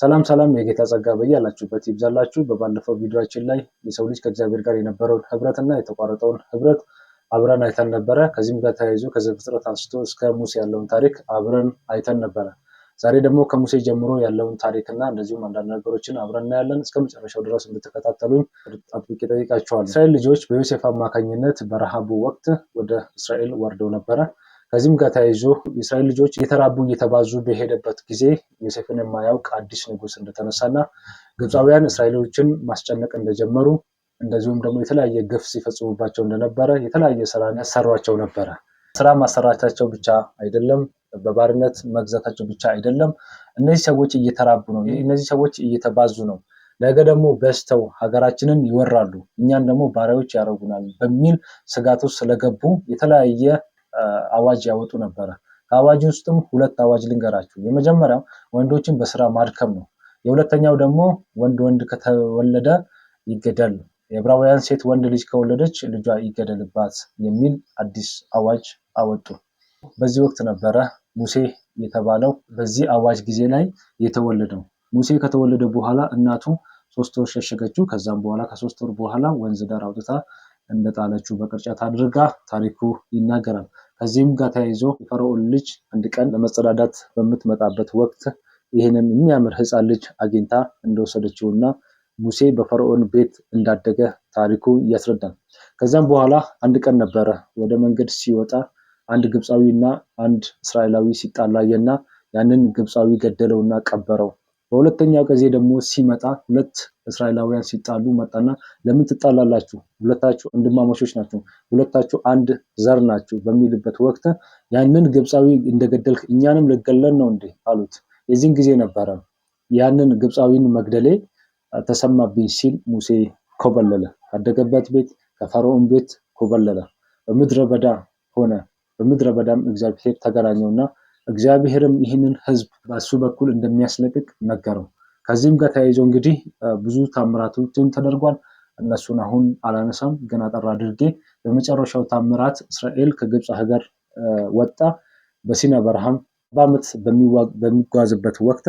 ሰላም ሰላም የጌታ ጸጋ በያላችሁበት ይብዛላችሁ። በባለፈው ቪዲዮችን ላይ የሰው ልጅ ከእግዚአብሔር ጋር የነበረውን ህብረትና የተቋረጠውን ህብረት አብረን አይተን ነበረ። ከዚህም ጋር ተያይዞ ከዘፍጥረት አንስቶ እስከ ሙሴ ያለውን ታሪክ አብረን አይተን ነበረ። ዛሬ ደግሞ ከሙሴ ጀምሮ ያለውን ታሪክና እንደዚሁም አንዳንድ ነገሮችን አብረን እናያለን። እስከ መጨረሻው ድረስ እንድትከታተሉኝ አጥብቄ እጠይቃችኋለሁ። እስራኤል ልጆች በዮሴፍ አማካኝነት በረሃቡ ወቅት ወደ እስራኤል ወርደው ነበረ። ከዚህም ጋር ተያይዞ የእስራኤል ልጆች እየተራቡ እየተባዙ በሄደበት ጊዜ ዮሴፍን የማያውቅ አዲስ ንጉሥ እንደተነሳና ግብፃውያን እስራኤሎችን ማስጨነቅ እንደጀመሩ እንደዚሁም ደግሞ የተለያየ ግፍ ሲፈጽሙባቸው እንደነበረ የተለያየ ስራ ያሰሯቸው ነበረ። ስራ ማሰራቻቸው ብቻ አይደለም፣ በባርነት መግዛታቸው ብቻ አይደለም። እነዚህ ሰዎች እየተራቡ ነው፣ እነዚህ ሰዎች እየተባዙ ነው፣ ነገ ደግሞ በዝተው ሀገራችንን ይወራሉ፣ እኛን ደግሞ ባሪያዎች ያደርጉናል በሚል ስጋት ውስጥ ስለገቡ የተለያየ አዋጅ ያወጡ ነበረ። ከአዋጅ ውስጥም ሁለት አዋጅ ልንገራችሁ። የመጀመሪያው ወንዶችን በስራ ማድከም ነው። የሁለተኛው ደግሞ ወንድ ወንድ ከተወለደ ይገደል ነው። የዕብራውያን ሴት ወንድ ልጅ ከወለደች ልጇ ይገደልባት የሚል አዲስ አዋጅ አወጡ። በዚህ ወቅት ነበረ ሙሴ የተባለው በዚህ አዋጅ ጊዜ ላይ የተወለደው። ሙሴ ከተወለደ በኋላ እናቱ ሶስት ወር ሸሸገችው። ከዛም በኋላ ከሶስት ወር በኋላ ወንዝ ዳር አውጥታ እንደጣለችው በቅርጫት አድርጋ ታሪኩ ይናገራል። ከዚህም ጋር ተያይዞ የፈርዖን ልጅ አንድ ቀን ለመጸዳዳት በምትመጣበት ወቅት ይህንን የሚያምር ህፃን ልጅ አግኝታ እንደወሰደችው እና ሙሴ በፈርዖን ቤት እንዳደገ ታሪኩ እያስረዳል። ከዚያም በኋላ አንድ ቀን ነበረ ወደ መንገድ ሲወጣ አንድ እና አንድ እስራኤላዊ ሲጣላየና ያንን ግብፃዊ ገደለውና ቀበረው። በሁለተኛው ጊዜ ደግሞ ሲመጣ ሁለት እስራኤላውያን ሲጣሉ መጣና ለምን ትጣላላችሁ? ሁለታችሁ ወንድማማቾች ናችሁ፣ ሁለታችሁ አንድ ዘር ናችሁ በሚልበት ወቅት ያንን ግብፃዊ እንደገደልክ እኛንም ልገለን ነው እንዴ አሉት። የዚህን ጊዜ ነበረ ያንን ግብፃዊን መግደሌ ተሰማብኝ ሲል ሙሴ ኮበለለ። ካደገበት ቤት ከፈርዖን ቤት ኮበለለ። በምድረ በዳ ሆነ። በምድረ በዳም እግዚአብሔር ተገናኘውና እግዚአብሔርም ይህንን ህዝብ በእሱ በኩል እንደሚያስለቅቅ ነገረው። ከዚህም ጋር ተያይዞ እንግዲህ ብዙ ታምራቶችን ተደርጓል። እነሱን አሁን አላነሳም፣ ግን አጠር አድርጌ በመጨረሻው ታምራት እስራኤል ከግብፅ ሀገር ወጣ። በሲና በረሃም በዓመት በሚጓዝበት ወቅት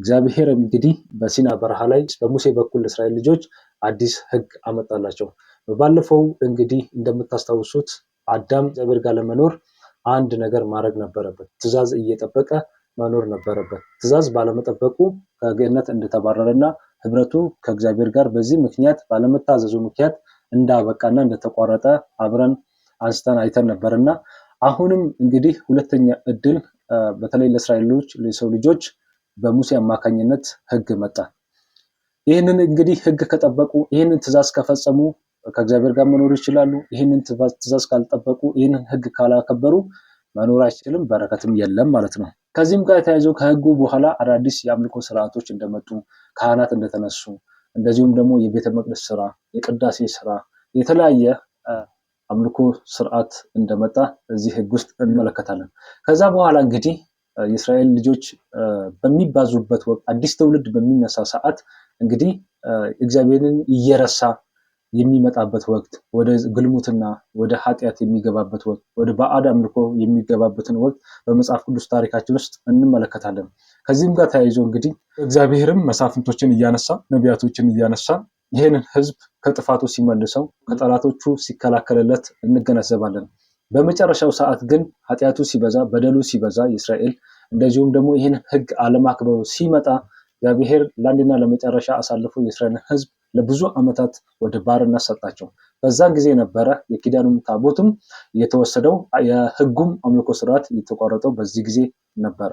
እግዚአብሔር እንግዲህ በሲና በረሃ ላይ በሙሴ በኩል እስራኤል ልጆች አዲስ ህግ አመጣላቸው። በባለፈው እንግዲህ እንደምታስታውሱት አዳም እግዚአብሔር ጋር ለመኖር አንድ ነገር ማድረግ ነበረበት። ትዕዛዝ እየጠበቀ መኖር ነበረበት። ትዕዛዝ ባለመጠበቁ ከገነት እንደተባረረና ህብረቱ ከእግዚአብሔር ጋር በዚህ ምክንያት ባለመታዘዙ ምክንያት እንዳበቃና እንደተቋረጠ አብረን አንስተን አይተን ነበርና አሁንም እንግዲህ ሁለተኛ እድል በተለይ ለእስራኤሎች ለሰው ልጆች በሙሴ አማካኝነት ህግ መጣ። ይህንን እንግዲህ ህግ ከጠበቁ ይህንን ትዕዛዝ ከፈጸሙ ከእግዚአብሔር ጋር መኖር ይችላሉ። ይህንን ትእዛዝ ካልጠበቁ፣ ይህንን ህግ ካላከበሩ መኖር አይችልም፣ በረከትም የለም ማለት ነው። ከዚህም ጋር የተያይዘው ከህጉ በኋላ አዳዲስ የአምልኮ ስርዓቶች እንደመጡ ካህናት እንደተነሱ እንደዚሁም ደግሞ የቤተ መቅደስ ስራ፣ የቅዳሴ ስራ፣ የተለያየ አምልኮ ስርዓት እንደመጣ እዚህ ህግ ውስጥ እንመለከታለን። ከዛ በኋላ እንግዲህ የእስራኤል ልጆች በሚባዙበት ወቅት አዲስ ትውልድ በሚነሳ ሰዓት እንግዲህ እግዚአብሔርን እየረሳ የሚመጣበት ወቅት፣ ወደ ግልሙትና፣ ወደ ኃጢአት የሚገባበት ወቅት፣ ወደ ባዕድ አምልኮ የሚገባበትን ወቅት በመጽሐፍ ቅዱስ ታሪካችን ውስጥ እንመለከታለን። ከዚህም ጋር ተያይዞ እንግዲህ እግዚአብሔርም መሳፍንቶችን እያነሳ ነቢያቶችን እያነሳ ይህንን ህዝብ ከጥፋቱ ሲመልሰው ከጠላቶቹ ሲከላከልለት እንገነዘባለን። በመጨረሻው ሰዓት ግን ኃጢአቱ ሲበዛ፣ በደሉ ሲበዛ የእስራኤል እንደዚሁም ደግሞ ይህንን ህግ አለማክበሩ ሲመጣ እግዚአብሔር ለአንድና ለመጨረሻ አሳልፎ የእስራኤልን ህዝብ ለብዙ ዓመታት ወደ ባርነት ሰጣቸው። በዛን ጊዜ ነበረ የኪዳኑም ታቦትም የተወሰደው፣ የህጉም አምልኮ ስርዓት የተቋረጠው በዚህ ጊዜ ነበረ።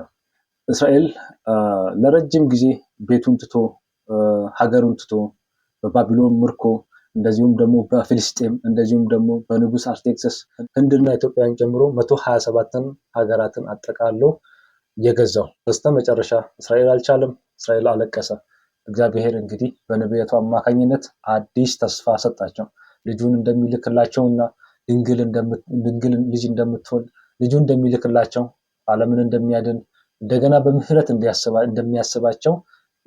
እስራኤል ለረጅም ጊዜ ቤቱን ትቶ ሀገሩን ትቶ በባቢሎን ምርኮ እንደዚሁም ደግሞ በፊልስጤም እንደዚሁም ደግሞ በንጉስ አርቴክስስ ህንድና ኢትዮጵያን ጨምሮ መቶ ሀያ ሰባትን ሀገራትን አጠቃሎ የገዛው በስተመጨረሻ እስራኤል አልቻለም። እስራኤል አለቀሰ። እግዚአብሔር እንግዲህ በነቢያቱ አማካኝነት አዲስ ተስፋ ሰጣቸው። ልጁን እንደሚልክላቸውና ድንግል ልጅ እንደምትሆን ልጁ እንደሚልክላቸው ዓለምን እንደሚያድን እንደገና በምህረት እንደሚያስባቸው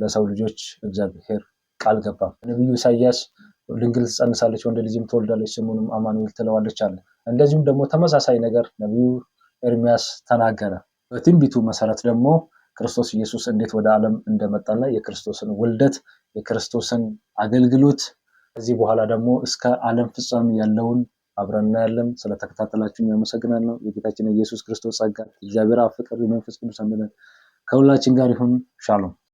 ለሰው ልጆች እግዚአብሔር ቃል ገባ። ነቢዩ ኢሳያስ ድንግል ትጸንሳለች፣ ወንድ ልጅም ትወልዳለች፣ ስሙንም አማኑኤል ትለዋለች አለ። እንደዚሁም ደግሞ ተመሳሳይ ነገር ነቢዩ ኤርሚያስ ተናገረ። በትንቢቱ መሰረት ደግሞ ክርስቶስ ኢየሱስ እንዴት ወደ ዓለም እንደመጣና የክርስቶስን ውልደት የክርስቶስን አገልግሎት ከዚህ በኋላ ደግሞ እስከ ዓለም ፍጻሜ ያለውን አብረን እናያለን። ስለተከታተላችሁን ያመሰግናል ነው የጌታችን የኢየሱስ ክርስቶስ ጸጋ፣ እግዚአብሔር አብ፣ ፍቅር፣ የመንፈስ ቅዱስ አንድነት ከሁላችን ጋር ይሁን። ሻሎም